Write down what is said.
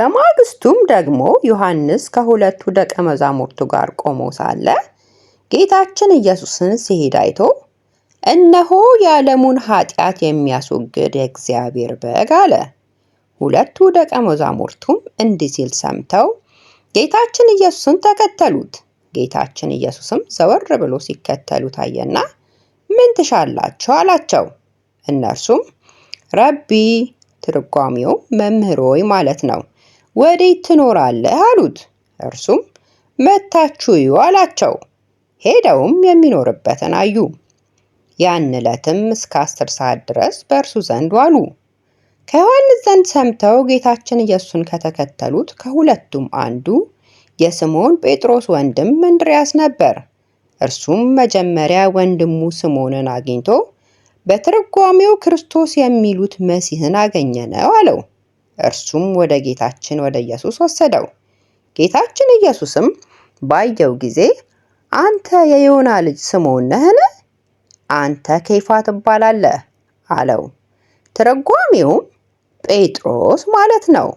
በማግስቱም ደግሞ ዮሐንስ ከሁለቱ ደቀ መዛሙርቱ ጋር ቆሞ ሳለ ጌታችን ኢየሱስን ሲሄድ አይቶ እነሆ የዓለሙን ኃጢአት የሚያስወግድ የእግዚአብሔር በግ አለ። ሁለቱ ደቀ መዛሙርቱም እንዲህ ሲል ሰምተው ጌታችን ኢየሱስን ተከተሉት። ጌታችን ኢየሱስም ዘወር ብሎ ሲከተሉት አየና ምን ትሻላችሁ አላቸው። እነርሱም ረቢ፣ ትርጓሚው መምህር ሆይ ማለት ነው ወዴት ትኖራለህ አሉት። እርሱም መታችሁ እዩ አላቸው። ሄደውም የሚኖርበትን አዩ። ያን ዕለትም እስከ አስር ሰዓት ድረስ በእርሱ ዘንድ ዋሉ። ከዮሐንስ ዘንድ ሰምተው ጌታችን ኢየሱስን ከተከተሉት ከሁለቱም አንዱ የስምዖን ጴጥሮስ ወንድም እንድርያስ ነበር። እርሱም መጀመሪያ ወንድሙ ስምዖንን አግኝቶ በትርጓሜው ክርስቶስ የሚሉት መሲህን አገኘነው አለው። እርሱም ወደ ጌታችን ወደ ኢየሱስ ወሰደው። ጌታችን ኢየሱስም ባየው ጊዜ አንተ የዮና ልጅ ስምዖን ነህን? አንተ ከይፋ ትባላለህ አለው። ትርጓሜውም ጴጥሮስ ማለት ነው።